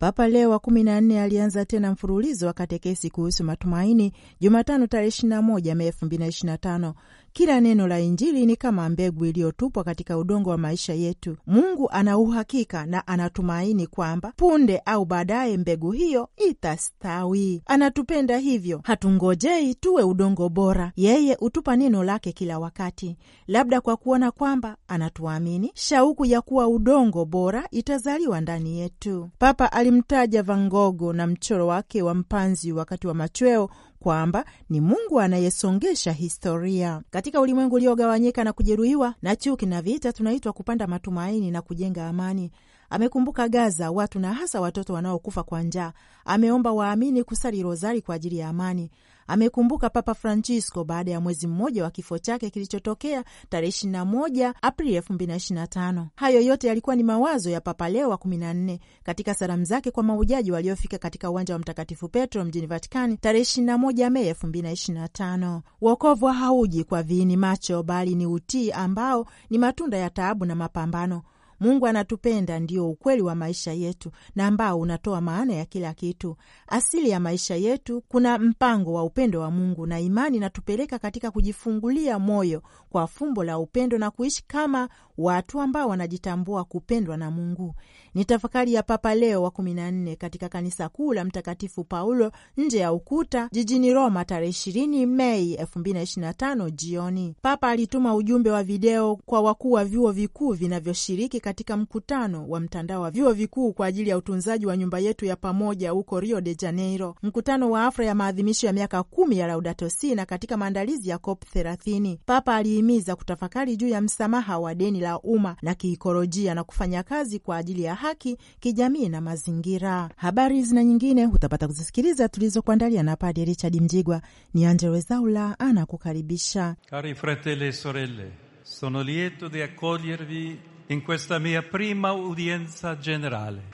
Papa Leo wa kumi na nne alianza tena mfululizo wa katekesi kuhusu matumaini Jumatano tarehe 21 Mei 2025 kila neno la Injili ni kama mbegu iliyotupwa katika udongo wa maisha yetu. Mungu ana uhakika na anatumaini kwamba punde au baadaye mbegu hiyo itastawi. Anatupenda hivyo, hatungojei tuwe udongo bora. Yeye hutupa neno lake kila wakati, labda kwa kuona kwamba anatuamini. Shauku ya kuwa udongo bora itazaliwa ndani yetu. Papa alimtaja Van Gogh na mchoro wake wa mpanzi wakati wa machweo kwamba ni Mungu anayesongesha historia. Katika ulimwengu uliogawanyika na kujeruhiwa na chuki na vita, tunaitwa kupanda matumaini na kujenga amani. Amekumbuka Gaza, watu na hasa watoto wanaokufa kwa njaa. Ameomba waamini kusali rozari kwa ajili ya amani amekumbuka Papa Francisco baada ya mwezi mmoja wa kifo chake kilichotokea tarehe 21 Aprili 2025. Hayo yote yalikuwa ni mawazo ya Papa Leo wa 14 katika salamu zake kwa maujaji waliofika katika uwanja wa Mtakatifu Petro mjini Vatikani tarehe 21 Mei 2025. Wokovu hauji kwa viini macho, bali ni utii ambao ni matunda ya taabu na mapambano Mungu anatupenda ndio ukweli wa maisha yetu na ambao unatoa maana ya kila kitu. Asili ya maisha yetu kuna mpango wa upendo wa Mungu, na imani inatupeleka katika kujifungulia moyo kwa fumbo la upendo na kuishi kama watu ambao wanajitambua kupendwa na Mungu. Ni tafakari ya Papa Leo wa kumi na nne katika kanisa kuu la Mtakatifu Paulo nje ya ukuta jijini Roma tarehe ishirini Mei elfu mbili na tano jioni. Papa alituma ujumbe wa video kwa wakuu wa vyuo vikuu vinavyoshiriki katika mkutano wa mtandao wa vyuo vikuu kwa ajili ya utunzaji wa nyumba yetu ya pamoja huko Rio de Janeiro, mkutano wa afra ya maadhimisho ya miaka kumi ya Laudato Si na katika maandalizi ya COP 30 Papa alihimiza kutafakari juu ya msamaha wa deni la umma na kiikolojia na kufanya kazi kwa ajili ya haki kijamii na mazingira. Habari zina nyingine utapata kuzisikiliza tulizokuandalia na Padre Richard Mjigwa. Ni Angelo zaula anakukaribisha. Cari fratelli e sorelle sono lieto di accogliervi in questa mia prima udienza generale.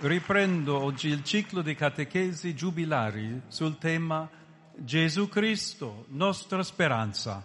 Riprendo oggi il ciclo di catechesi giubilari sul tema Gesù Cristo, nostra speranza.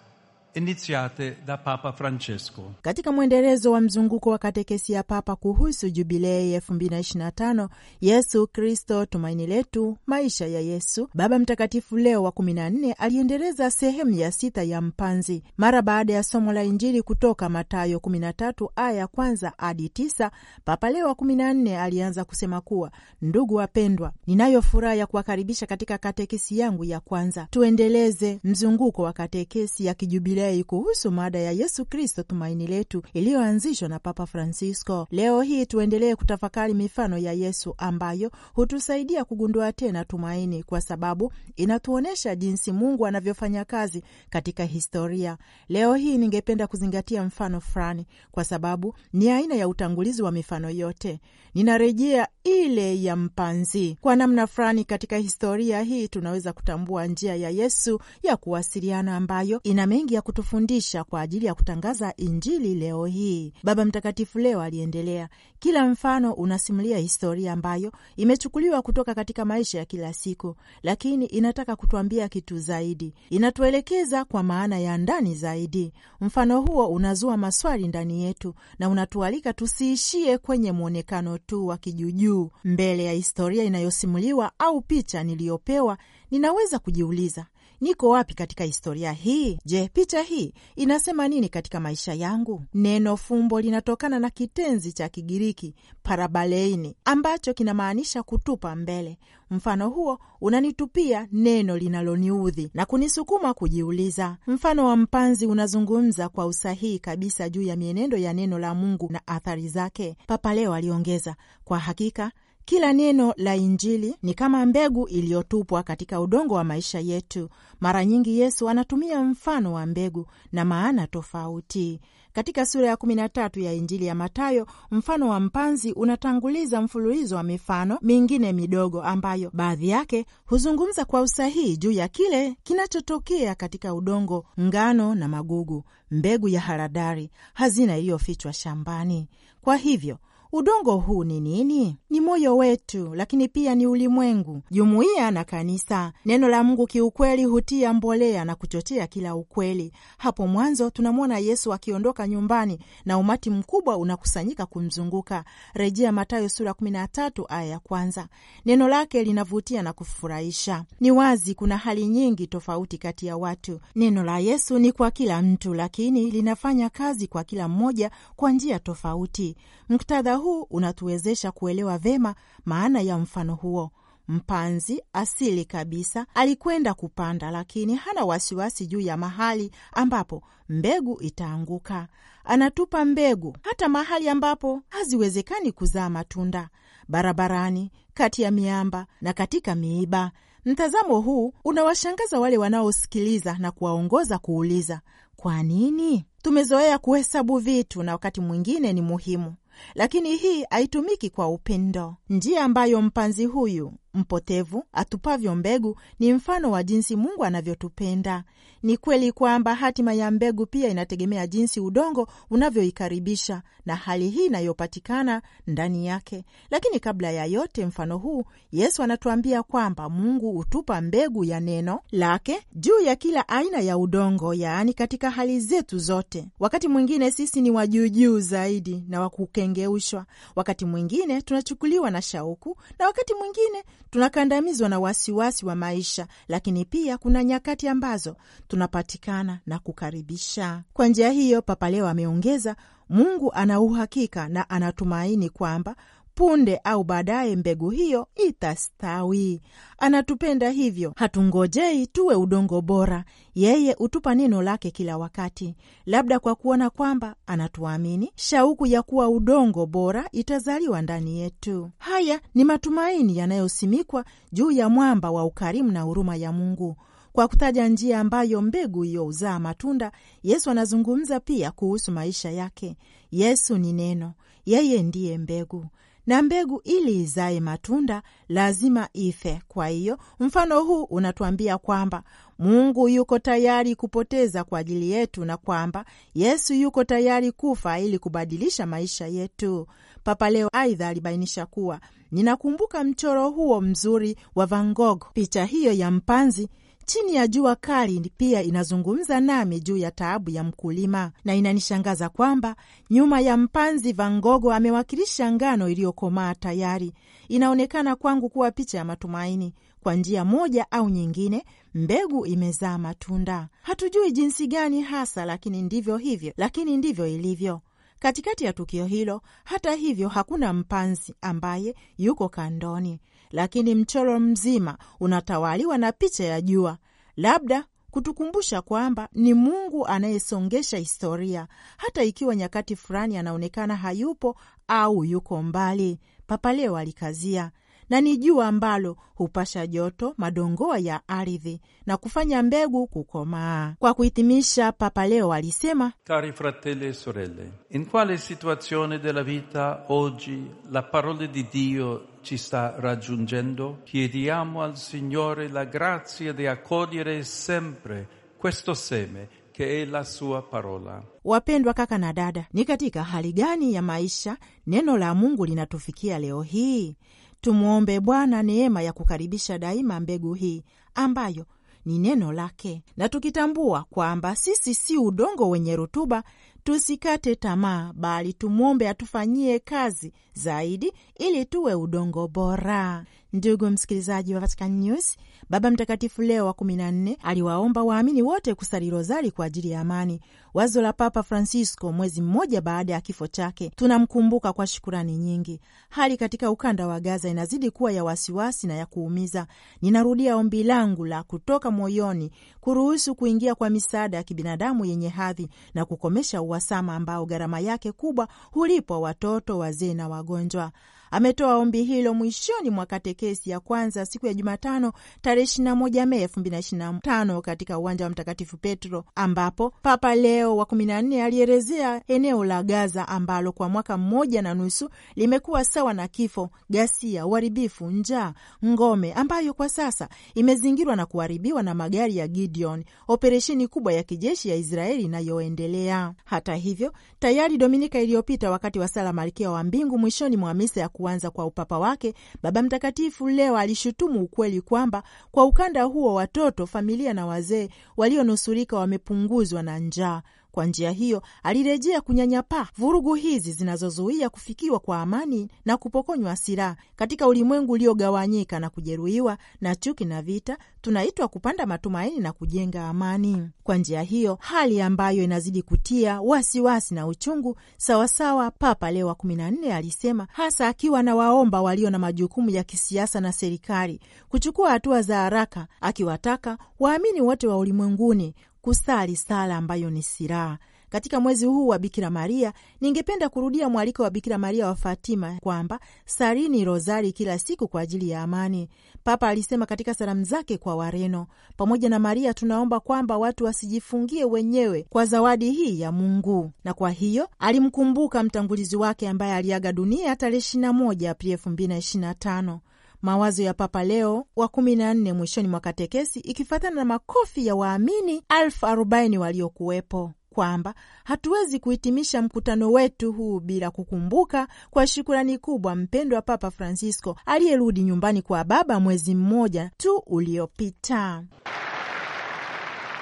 iniziate da Papa Francesco. Katika mwendelezo wa mzunguko wa katekesi ya Papa kuhusu jubilei ya 2025 Yesu Kristo tumaini letu, maisha ya Yesu, Baba Mtakatifu Leo wa 14 aliendeleza sehemu ya sita ya mpanzi mara baada ya somo la Injili kutoka Matayo 13 aya kwanza hadi 9. Papa Leo wa 14 alianza kusema kuwa, ndugu wapendwa, ninayo furaha ya kuwakaribisha katika katekesi yangu ya kwanza. Tuendeleze mzunguko wa katekesi ya kijubilei jubilei kuhusu mada ya Yesu Kristo tumaini letu iliyoanzishwa na Papa Francisco. Leo hii tuendelee kutafakari mifano ya Yesu ambayo hutusaidia kugundua tena tumaini, kwa sababu inatuonyesha jinsi Mungu anavyofanya kazi katika historia. Leo hii ningependa kuzingatia mfano fulani, kwa sababu ni aina ya utangulizi wa mifano yote. Ninarejea ile ya mpanzi. Kwa namna fulani, katika historia hii tunaweza kutambua njia ya Yesu ya kuwasiliana ambayo ina mengi ya kutufundisha kwa ajili ya kutangaza Injili leo hii. Baba Mtakatifu leo aliendelea, kila mfano unasimulia historia ambayo imechukuliwa kutoka katika maisha ya kila siku, lakini inataka kutuambia kitu zaidi, inatuelekeza kwa maana ya ndani zaidi. Mfano huo unazua maswali ndani yetu na unatualika tusiishie kwenye mwonekano tu wa kijujuu. Mbele ya historia inayosimuliwa au picha niliyopewa, ninaweza kujiuliza niko wapi katika historia hii? Je, picha hii inasema nini katika maisha yangu? Neno fumbo linatokana na kitenzi cha Kigiriki parabaleini ambacho kinamaanisha kutupa mbele. Mfano huo unanitupia neno linaloniudhi na kunisukuma kujiuliza. Mfano wa mpanzi unazungumza kwa usahihi kabisa juu ya mienendo ya neno la Mungu na athari zake. Papa leo aliongeza, kwa hakika kila neno la Injili ni kama mbegu iliyotupwa katika udongo wa maisha yetu. Mara nyingi Yesu anatumia mfano wa mbegu na maana tofauti. Katika sura ya 13 ya Injili ya Matayo, mfano wa mpanzi unatanguliza mfululizo wa mifano mingine midogo ambayo baadhi yake huzungumza kwa usahihi juu ya kile kinachotokea katika udongo, ngano na magugu, mbegu ya haradari, hazina iliyofichwa shambani. Kwa hivyo Udongo huu ni nini? Ni moyo wetu, lakini pia ni ulimwengu, jumuiya na kanisa. Neno la Mungu kiukweli hutia mbolea na kuchochea kila ukweli. Hapo mwanzo tunamwona Yesu akiondoka nyumbani na umati mkubwa unakusanyika kumzunguka, rejea Mathayo sura 13 aya ya kwanza. Neno lake linavutia na kufurahisha. Ni wazi kuna hali nyingi tofauti kati ya watu. Neno la Yesu ni kwa kila mtu, lakini linafanya kazi kwa kila mmoja kwa njia tofauti. Muktadha huu unatuwezesha kuelewa vema maana ya mfano huo. Mpanzi asili kabisa alikwenda kupanda, lakini hana wasiwasi juu ya mahali ambapo mbegu itaanguka. Anatupa mbegu hata mahali ambapo haziwezekani kuzaa matunda, barabarani, kati ya miamba na katika miiba. Mtazamo huu unawashangaza wale wanaosikiliza na kuwaongoza kuuliza kwa nini. Tumezoea kuhesabu vitu na wakati mwingine ni muhimu lakini hii haitumiki kwa upendo, njia ambayo mpanzi huyu mpotevu atupavyo mbegu ni mfano wa jinsi Mungu anavyotupenda. Ni kweli kwamba hatima ya mbegu pia inategemea jinsi udongo unavyoikaribisha na hali hii inayopatikana ndani yake. Lakini kabla ya yote, mfano huu Yesu anatuambia kwamba Mungu hutupa mbegu ya neno lake juu ya kila aina ya udongo, yaani katika hali zetu zote. Wakati mwingine sisi ni wajuujuu zaidi na wakukengeushwa, wakati mwingine tunachukuliwa na shauku, na wakati mwingine tunakandamizwa na wasiwasi wa maisha, lakini pia kuna nyakati ambazo tunapatikana na kukaribisha. Kwa njia hiyo, Papa leo ameongeza, Mungu ana uhakika na anatumaini kwamba punde au baadaye mbegu hiyo itastawi. Anatupenda hivyo, hatungojei tuwe udongo bora. Yeye hutupa neno lake kila wakati, labda kwa kuona kwamba anatuamini. Shauku ya kuwa udongo bora itazaliwa ndani yetu. Haya ni matumaini yanayosimikwa juu ya mwamba wa ukarimu na huruma ya Mungu. Kwa kutaja njia ambayo mbegu hiyo huzaa matunda, Yesu anazungumza pia kuhusu maisha yake. Yesu ni Neno, yeye ndiye mbegu na mbegu ili izae matunda lazima ife. Kwa hiyo mfano huu unatuambia kwamba Mungu yuko tayari kupoteza kwa ajili yetu na kwamba Yesu yuko tayari kufa ili kubadilisha maisha yetu. Papa Leo aidha alibainisha kuwa, ninakumbuka mchoro huo mzuri wa Van Gogh, picha hiyo ya mpanzi chini ya jua kali pia inazungumza nami juu ya taabu ya mkulima, na inanishangaza kwamba nyuma ya mpanzi Van Gogh amewakilisha ngano iliyokomaa tayari. Inaonekana kwangu kuwa picha ya matumaini. Kwa njia moja au nyingine, mbegu imezaa matunda. Hatujui jinsi gani hasa, lakini ndivyo hivyo, lakini ndivyo ilivyo. Katikati ya tukio hilo, hata hivyo, hakuna mpanzi ambaye yuko kandoni lakini mchoro mzima unatawaliwa na picha ya jua, labda kutukumbusha kwamba ni Mungu anayesongesha historia, hata ikiwa nyakati fulani anaonekana hayupo au yuko mbali. Papa Leo alikazia na ni jua ambalo hupasha joto madongoa ya ardhi na kufanya mbegu kukomaa. Kwa kuhitimisha, Papa Leo alisema, kari fratelli e sorelle in quale situazione della vita oggi la parola di Dio ci sta raggiungendo, chiediamo al Signore la grazia di accogliere sempre questo seme che è la sua parola. Wapendwa kaka na dada, ni katika hali gani ya maisha neno la Mungu linatufikia leo hii? Tumwombe Bwana neema ya kukaribisha daima mbegu hii ambayo ni neno lake, na tukitambua kwamba sisi si udongo wenye rutuba, Tusikate tamaa, bali tumwombe atufanyie kazi zaidi ili tuwe udongo bora. Ndugu msikilizaji wa Vatican News, Baba Mtakatifu Leo wa kumi na nne aliwaomba waamini wote kusali rozari kwa ajili ya amani, Wazo la Papa Francisco mwezi mmoja baada ya kifo chake, tunamkumbuka kwa shukurani nyingi. Hali katika ukanda wa Gaza inazidi kuwa ya wasiwasi na ya kuumiza. Ninarudia ombi langu la kutoka moyoni kuruhusu kuingia kwa misaada ya kibinadamu yenye hadhi na kukomesha uhasama ambao gharama yake kubwa hulipwa watoto, wazee na wagonjwa. Ametoa ombi hilo mwishoni mwa katekesi ya kwanza siku ya Jumatano tarehe 21 Mei 2025 katika uwanja wa Mtakatifu Petro, ambapo Papa Leo wa 14 alielezea eneo la Gaza ambalo kwa mwaka mmoja na nusu limekuwa sawa na kifo, ghasia, uharibifu, njaa, ngome, ambayo kwa sasa imezingirwa na kuharibiwa na magari ya Gideon, operesheni kubwa ya kijeshi ya Israeli inayoendelea. Hata hivyo, tayari Dominika iliyopita wakati wa sala Malkia wa Mbingu mwishoni mwa misa ya kuanza kwa upapa wake, Baba Mtakatifu leo alishutumu ukweli kwamba kwa ukanda huo watoto, familia na wazee walionusurika wamepunguzwa na njaa, kwa njia hiyo alirejea kunyanyapaa vurugu hizi zinazozuia kufikiwa kwa amani na kupokonywa silaha katika ulimwengu uliogawanyika na kujeruhiwa na chuki na vita. Tunaitwa kupanda matumaini na kujenga amani kwa njia hiyo, hali ambayo inazidi kutia wasiwasi wasi na uchungu. Sawasawa, Papa Leo wa kumi na nne alisema, hasa akiwa na waomba walio na majukumu ya kisiasa na serikali kuchukua hatua za haraka, akiwataka waamini wote wa ulimwenguni kusali sala ambayo ni silaha katika mwezi huu wa Bikira Maria, ningependa kurudia mwaliko wa Bikira Maria wa Fatima kwamba salini rozari kila siku kwa ajili ya amani. Papa alisema katika salamu zake kwa Wareno. Pamoja na Maria, tunaomba kwamba watu wasijifungie wenyewe kwa zawadi hii ya Mungu, na kwa hiyo alimkumbuka mtangulizi wake ambaye aliaga dunia tarehe 21 Aprili 2025. Mawazo ya Papa Leo wa kumi na nne mwishoni mwa katekesi, ikifuatana na makofi ya waamini elfu arobaini waliokuwepo kwamba hatuwezi kuhitimisha mkutano wetu huu bila kukumbuka kwa shukurani kubwa mpendo wa Papa Francisco aliyerudi nyumbani kwa Baba mwezi mmoja tu uliopita.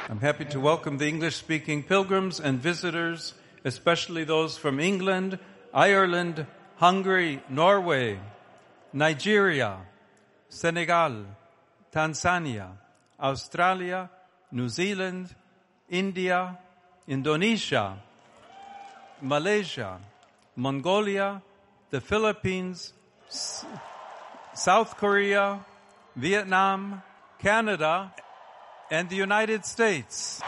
I'm happy to welcome the English-speaking pilgrims and visitors, especially those from England, Ireland, Hungary, Norway, Nigeria, Senegal, Tanzania, Australia, New Zealand, India, Indonesia, Malaysia, Mongolia, the Philippines, South Korea, Vietnam, Canada, and the United States.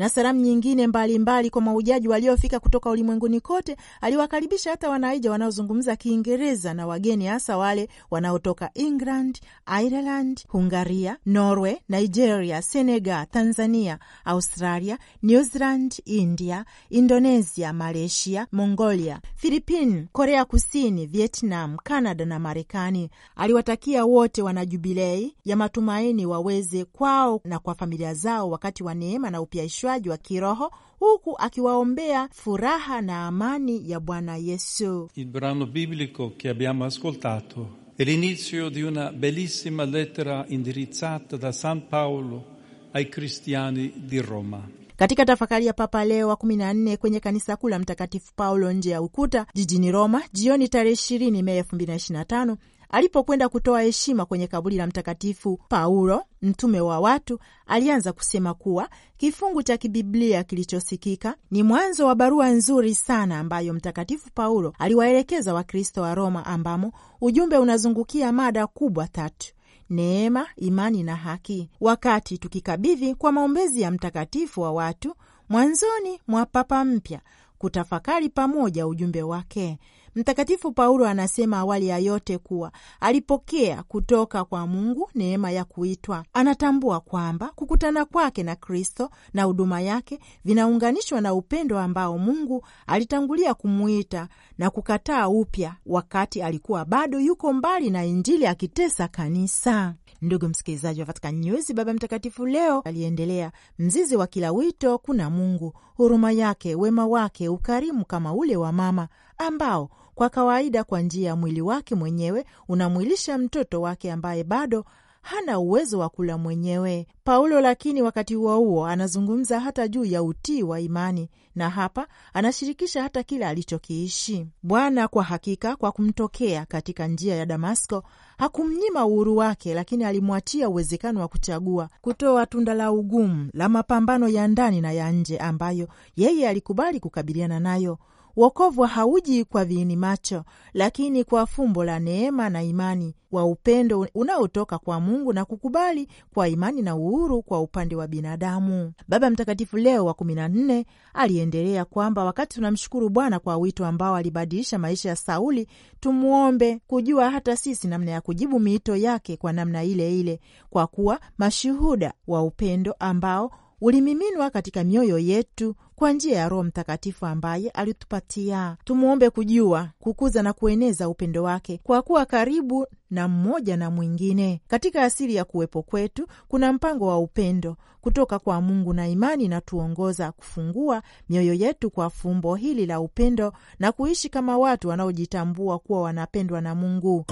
na salamu nyingine mbalimbali mbali kwa maujaji waliofika kutoka ulimwenguni kote. Aliwakaribisha hata wanaija wanaozungumza Kiingereza na wageni, hasa wale wanaotoka England, Ireland, Hungaria, Norway, Nigeria, Senegal, Tanzania, Australia, New Zealand, India, Indonesia, Malaysia, Mongolia, Philippine, Korea Kusini, Vietnam, Canada na Marekani. Aliwatakia wote wana jubilei ya matumaini waweze kwao na kwa familia zao wakati wa neema na upyaisho utunzaji wa kiroho huku akiwaombea furaha na amani ya Bwana Yesu. Il brano biblico che abbiamo ascoltato è l'inizio di una bellissima lettera indirizzata da San Paolo ai cristiani di Roma. Katika tafakari ya Papa Leo wa 14 kwenye kanisa kuu la Mtakatifu Paulo nje ya ukuta jijini Roma, jioni tarehe 20 Mei 2025 Alipokwenda kutoa heshima kwenye kaburi la Mtakatifu Paulo mtume wa watu, alianza kusema kuwa kifungu cha kibiblia kilichosikika ni mwanzo wa barua nzuri sana ambayo Mtakatifu Paulo aliwaelekeza Wakristo wa Roma, ambamo ujumbe unazungukia mada kubwa tatu: neema, imani na haki. Wakati tukikabidhi kwa maombezi ya mtakatifu wa watu mwanzoni mwa Papa mpya kutafakari pamoja ujumbe wake, Mtakatifu Paulo anasema awali ya yote kuwa alipokea kutoka kwa Mungu neema ya kuitwa. Anatambua kwamba kukutana kwake na Kristo na huduma yake vinaunganishwa na upendo ambao Mungu alitangulia kumwita na kukataa upya wakati alikuwa bado yuko mbali na Injili akitesa kanisa. Ndugu msikilizaji wa Vatican News, Baba Mtakatifu leo aliendelea, mzizi wa kila wito kuna Mungu, huruma yake, wema wake, ukarimu kama ule wa mama ambao kwa kawaida, kwa njia ya mwili wake mwenyewe unamwilisha mtoto wake ambaye bado hana uwezo wa kula mwenyewe. Paulo lakini wakati huo huo anazungumza hata juu ya utii wa imani, na hapa anashirikisha hata kile alichokiishi. Bwana kwa hakika, kwa kumtokea katika njia ya Damasko, hakumnyima uhuru wake, lakini alimwachia uwezekano wa kuchagua kutoa tunda la ugumu la mapambano ya ndani na ya nje, ambayo yeye alikubali kukabiliana nayo Wokovu hauji kwa viini macho, lakini kwa fumbo la neema na imani, wa upendo unaotoka kwa Mungu na kukubali kwa imani na uhuru kwa upande wa binadamu. Baba Mtakatifu Leo wa kumi na nne aliendelea kwamba wakati tunamshukuru Bwana kwa wito ambao alibadilisha maisha ya Sauli, tumwombe kujua hata sisi namna ya kujibu miito yake kwa namna ile ile, kwa kuwa mashuhuda wa upendo ambao ulimiminwa katika mioyo yetu kwa njia ya Roho Mtakatifu ambaye alitupatia. Tumwombe kujua, kukuza na kueneza upendo wake kwa kuwa karibu na mmoja na mwingine. Katika asili ya kuwepo kwetu kuna mpango wa upendo kutoka kwa Mungu na imani inatuongoza kufungua mioyo yetu kwa fumbo hili la upendo na kuishi kama watu wanaojitambua kuwa wanapendwa na Mungu.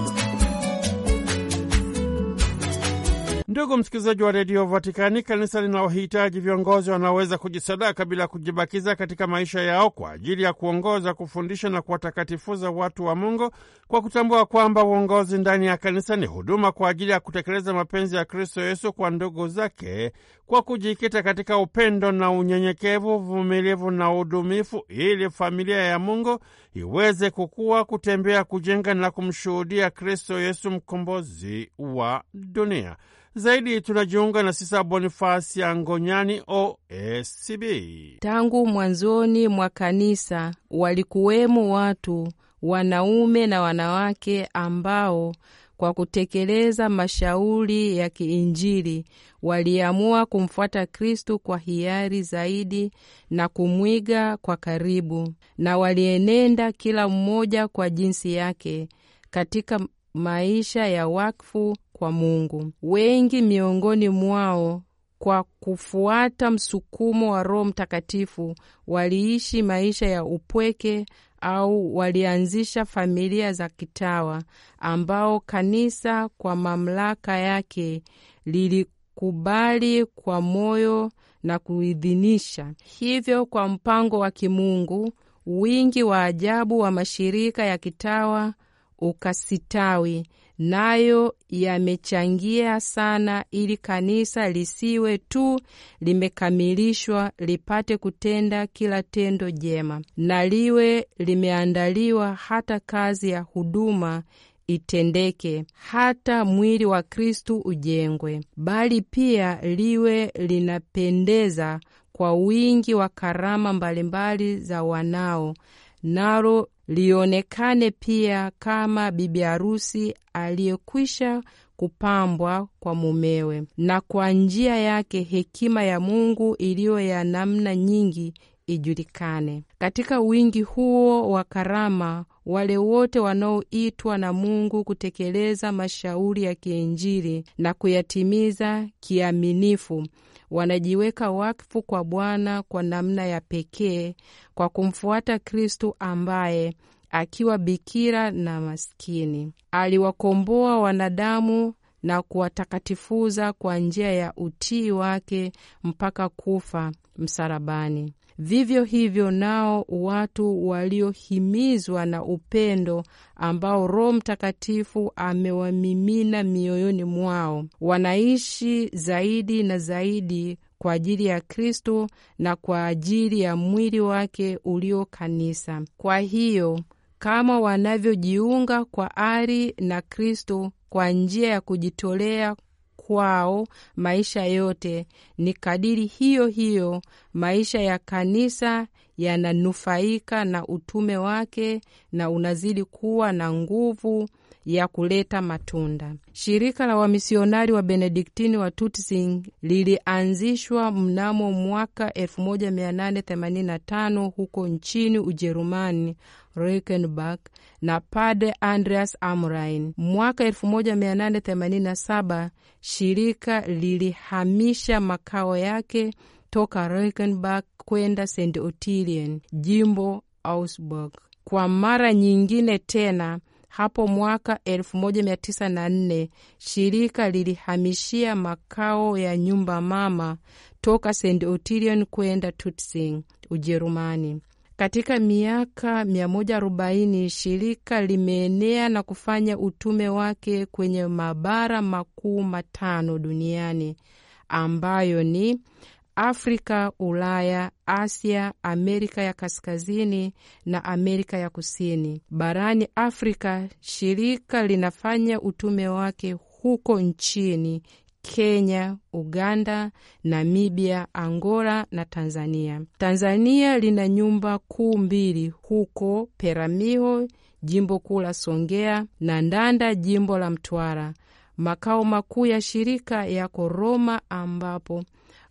Ndugu msikilizaji wa redio Vatikani, kanisa linawahitaji viongozi wanaoweza kujisadaka bila kujibakiza katika maisha yao kwa ajili ya kuongoza, kufundisha na kuwatakatifuza watu wa Mungu, kwa kutambua kwamba uongozi ndani ya kanisa ni huduma kwa ajili ya kutekeleza mapenzi ya Kristo Yesu kwa ndugu zake, kwa kujikita katika upendo na unyenyekevu, uvumilivu na udumifu, ili familia ya Mungu iweze kukua, kutembea, kujenga na kumshuhudia Kristo Yesu, mkombozi wa dunia. Zaidi tunajiunga na Sisa Bonifasi ya Ngonyani OSCB. Tangu mwanzoni mwa kanisa walikuwemo watu wanaume na wanawake ambao kwa kutekeleza mashauri ya kiinjili waliamua kumfuata Kristu kwa hiari zaidi na kumwiga kwa karibu, na walienenda kila mmoja kwa jinsi yake katika maisha ya wakfu kwa Mungu. Wengi miongoni mwao kwa kufuata msukumo wa Roho Mtakatifu waliishi maisha ya upweke au walianzisha familia za kitawa ambao kanisa kwa mamlaka yake lilikubali kwa moyo na kuidhinisha. Hivyo, kwa mpango wa kimungu, wingi wa ajabu wa mashirika ya kitawa ukasitawi nayo yamechangia sana ili kanisa lisiwe tu limekamilishwa, lipate kutenda kila tendo jema na liwe limeandaliwa, hata kazi ya huduma itendeke, hata mwili wa Kristu ujengwe, bali pia liwe linapendeza kwa wingi wa karama mbalimbali za wanao, nalo lionekane pia kama bibi harusi aliyekwisha kupambwa kwa mumewe, na kwa njia yake hekima ya Mungu iliyo ya namna nyingi ijulikane. Katika wingi huo wa karama, wale wote wanaoitwa na Mungu kutekeleza mashauri ya kiinjili na kuyatimiza kiaminifu wanajiweka wakfu kwa Bwana kwa namna ya pekee kwa kumfuata Kristu ambaye akiwa bikira na maskini aliwakomboa wanadamu na kuwatakatifuza kwa njia ya utii wake mpaka kufa msalabani. Vivyo hivyo nao watu waliohimizwa na upendo ambao Roho Mtakatifu amewamimina mioyoni mwao wanaishi zaidi na zaidi kwa ajili ya Kristo na kwa ajili ya mwili wake ulio kanisa. Kwa hiyo kama wanavyojiunga kwa ari na Kristo kwa njia ya kujitolea kwao maisha yote, ni kadiri hiyo hiyo maisha ya kanisa yananufaika na utume wake na unazidi kuwa na nguvu ya kuleta matunda. Shirika la wamisionari wa Benediktini wa Tutsing lilianzishwa mnamo mwaka 1885 huko nchini Ujerumani Reichenbach na Padre Andreas Amrain. Mwaka 1887 shirika lilihamisha makao yake toka Reichenbach kwenda St Otilien, jimbo Augsburg. Kwa mara nyingine tena hapo mwaka 1904 shirika lilihamishia makao ya nyumba mama toka St Otilion kwenda tutsing Ujerumani. Katika miaka 140 shirika limeenea na kufanya utume wake kwenye mabara makuu matano duniani ambayo ni Afrika, Ulaya, Asia, Amerika ya Kaskazini na Amerika ya Kusini. Barani Afrika, shirika linafanya utume wake huko nchini Kenya, Uganda, Namibia, Angola na Tanzania. Tanzania lina nyumba kuu mbili huko Peramiho, jimbo kuu la Songea na Ndanda, jimbo la Mtwara. Makao makuu ya shirika yako Roma, ambapo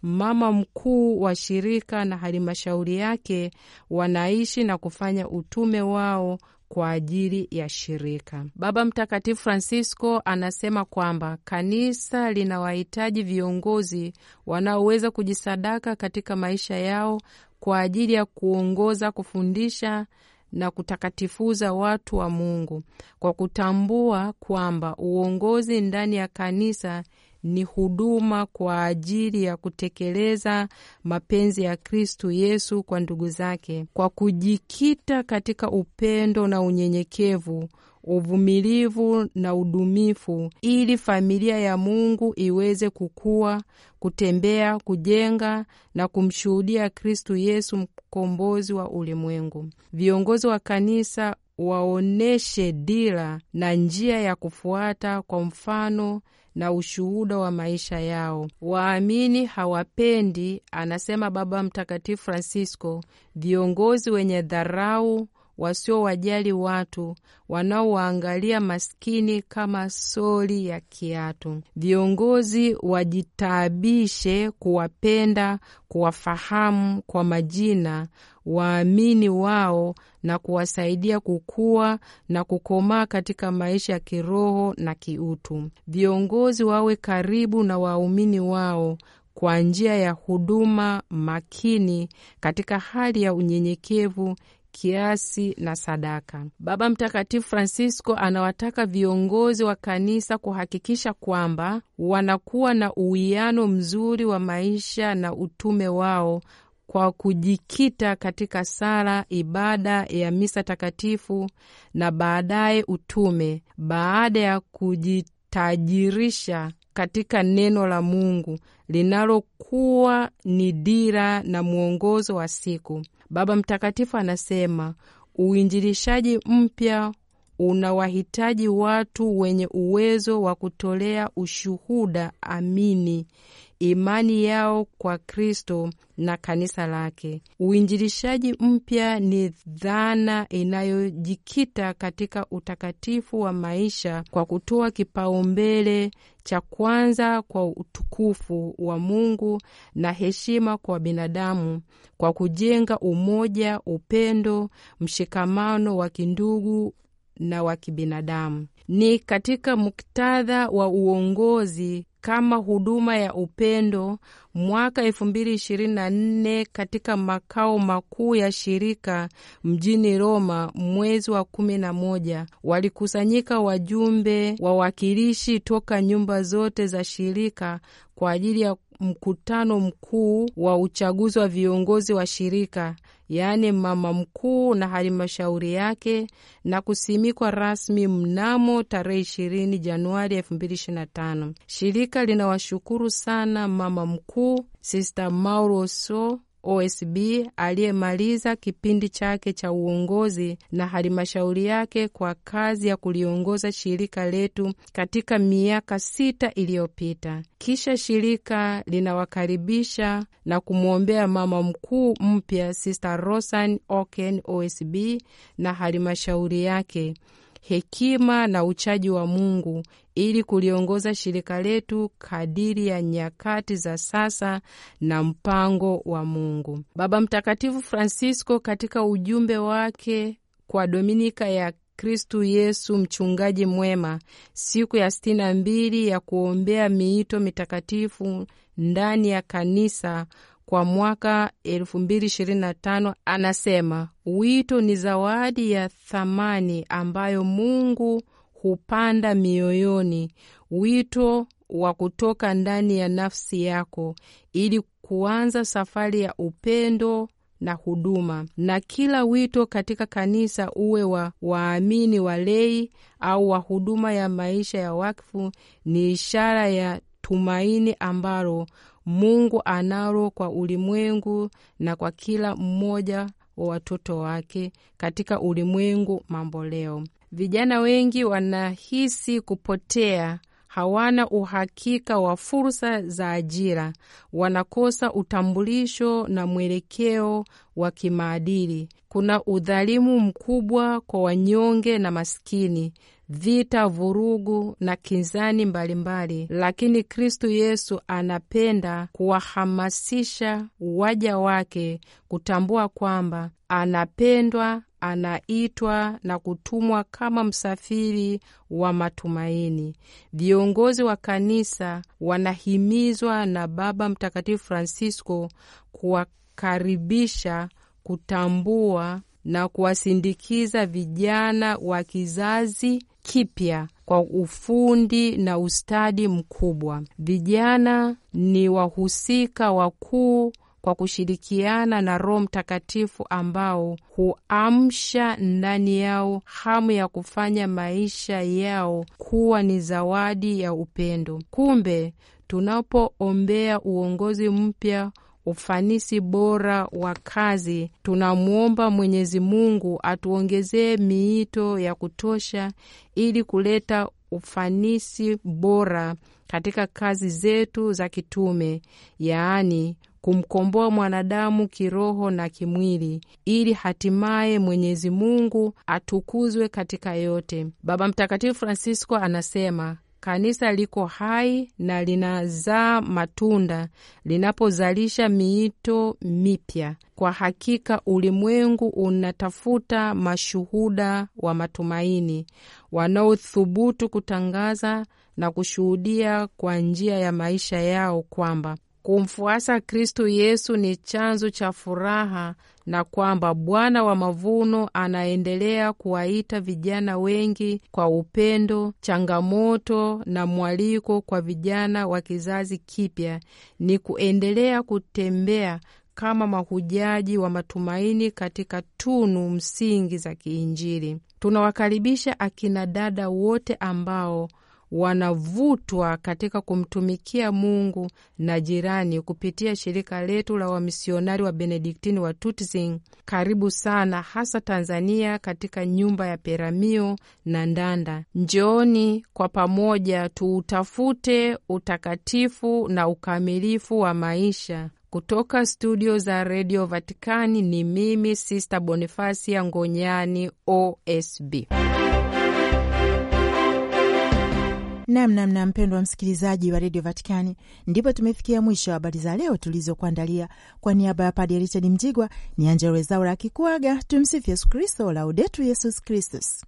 mama mkuu wa shirika na halmashauri yake wanaishi na kufanya utume wao kwa ajili ya shirika. Baba Mtakatifu Francisco anasema kwamba kanisa linawahitaji viongozi wanaoweza kujisadaka katika maisha yao kwa ajili ya kuongoza, kufundisha na kutakatifuza watu wa Mungu, kwa kutambua kwamba uongozi ndani ya kanisa ni huduma kwa ajili ya kutekeleza mapenzi ya Kristu Yesu kwa ndugu zake, kwa kujikita katika upendo na unyenyekevu, uvumilivu na udumifu, ili familia ya Mungu iweze kukua, kutembea, kujenga na kumshuhudia Kristu Yesu, mkombozi wa ulimwengu. Viongozi wa kanisa waoneshe dira na njia ya kufuata kwa mfano na ushuhuda wa maisha yao. Waamini hawapendi, anasema Baba Mtakatifu Francisco, viongozi wenye dharau wasiowajali watu, wanaowaangalia maskini kama soli ya kiatu. Viongozi wajitaabishe kuwapenda, kuwafahamu kwa majina waamini wao na kuwasaidia kukua na kukomaa katika maisha ya kiroho na kiutu. Viongozi wawe karibu na waumini wao kwa njia ya huduma makini katika hali ya unyenyekevu kiasi na sadaka. Baba Mtakatifu Francisco anawataka viongozi wa kanisa kuhakikisha kwamba wanakuwa na uwiano mzuri wa maisha na utume wao kwa kujikita katika sala, ibada ya misa takatifu na baadaye utume, baada ya kujitajirisha katika neno la Mungu linalokuwa ni dira na mwongozo wa siku. Baba Mtakatifu anasema uinjilishaji mpya unawahitaji watu wenye uwezo wa kutolea ushuhuda amini imani yao kwa Kristo na kanisa lake. Uinjilishaji mpya ni dhana inayojikita katika utakatifu wa maisha kwa kutoa kipaumbele cha kwanza kwa utukufu wa Mungu na heshima kwa binadamu, kwa kujenga umoja, upendo, mshikamano wa kindugu na wa kibinadamu. Ni katika muktadha wa uongozi kama huduma ya upendo mwaka elfu mbili ishirini na nne katika makao makuu ya shirika mjini Roma, mwezi wa kumi na moja walikusanyika wajumbe wawakilishi toka nyumba zote za shirika kwa ajili ya mkutano mkuu wa uchaguzi wa viongozi wa shirika yaani mama mkuu na halmashauri yake na kusimikwa rasmi mnamo tarehe 20 Januari 2025. Shirika linawashukuru sana mama mkuu Sister Mauro So OSB aliyemaliza kipindi chake cha uongozi na halmashauri yake kwa kazi ya kuliongoza shirika letu katika miaka sita iliyopita. Kisha shirika linawakaribisha na kumwombea mama mkuu mpya Sister Rosan Oken OSB na halmashauri yake hekima na uchaji wa Mungu ili kuliongoza shirika letu kadiri ya nyakati za sasa na mpango wa Mungu. Baba Mtakatifu Francisco katika ujumbe wake kwa Dominika ya Kristu Yesu mchungaji mwema, siku ya sitini na mbili ya kuombea miito mitakatifu ndani ya kanisa kwa mwaka 2025 anasema wito ni zawadi ya thamani ambayo Mungu hupanda mioyoni, wito wa kutoka ndani ya nafsi yako ili kuanza safari ya upendo na huduma. Na kila wito katika kanisa, uwe wa waamini, walei au wa huduma ya maisha ya wakfu, ni ishara ya tumaini ambalo Mungu analo kwa ulimwengu na kwa kila mmoja wa watoto wake katika ulimwengu mambo leo. Vijana wengi wanahisi kupotea, hawana uhakika wa fursa za ajira, wanakosa utambulisho na mwelekeo wa kimaadili. Kuna udhalimu mkubwa kwa wanyonge na maskini vita, vurugu na kinzani mbalimbali mbali. Lakini Kristu Yesu anapenda kuwahamasisha waja wake kutambua kwamba anapendwa, anaitwa na kutumwa kama msafiri wa matumaini. Viongozi wa kanisa wanahimizwa na Baba Mtakatifu Francisco kuwakaribisha, kutambua na kuwasindikiza vijana wa kizazi kipya kwa ufundi na ustadi mkubwa. Vijana ni wahusika wakuu kwa kushirikiana na Roho Mtakatifu ambao huamsha ndani yao hamu ya kufanya maisha yao kuwa ni zawadi ya upendo. Kumbe, tunapoombea uongozi mpya ufanisi bora wa kazi. Tunamwomba Mwenyezi Mungu atuongezee miito ya kutosha ili kuleta ufanisi bora katika kazi zetu za kitume, yaani kumkomboa mwanadamu kiroho na kimwili, ili hatimaye Mwenyezi Mungu atukuzwe katika yote. Baba Mtakatifu Francisco anasema Kanisa liko hai na linazaa matunda linapozalisha miito mipya. Kwa hakika ulimwengu unatafuta mashuhuda wa matumaini wanaothubutu kutangaza na kushuhudia kwa njia ya maisha yao kwamba Kumfuasa Kristu Yesu ni chanzo cha furaha na kwamba Bwana wa mavuno anaendelea kuwaita vijana wengi kwa upendo. Changamoto na mwaliko kwa vijana wa kizazi kipya ni kuendelea kutembea kama mahujaji wa matumaini katika tunu msingi za kiinjili. Tunawakaribisha akina dada wote ambao wanavutwa katika kumtumikia Mungu na jirani kupitia shirika letu la wamisionari wa Benediktini wa Tutzing, karibu sana hasa Tanzania, katika nyumba ya Peramio na Ndanda. Njooni kwa pamoja tuutafute utakatifu na ukamilifu wa maisha. Kutoka studio za redio Vatikani ni mimi Sista Bonifasia Ngonyani, OSB. Namnamna mpendo wa msikilizaji wa redio Vatikani, ndipo tumefikia mwisho wa habari za leo tulizokuandalia. Kwa niaba ya Padre Richard Mjigwa ni Angella Rwezaura akikuaga. Tumsifu Yesu Kristo, laudetu Yesus Kristus.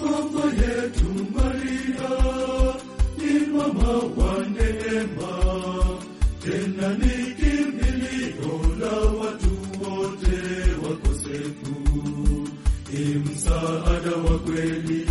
Mama la msaada wa kweli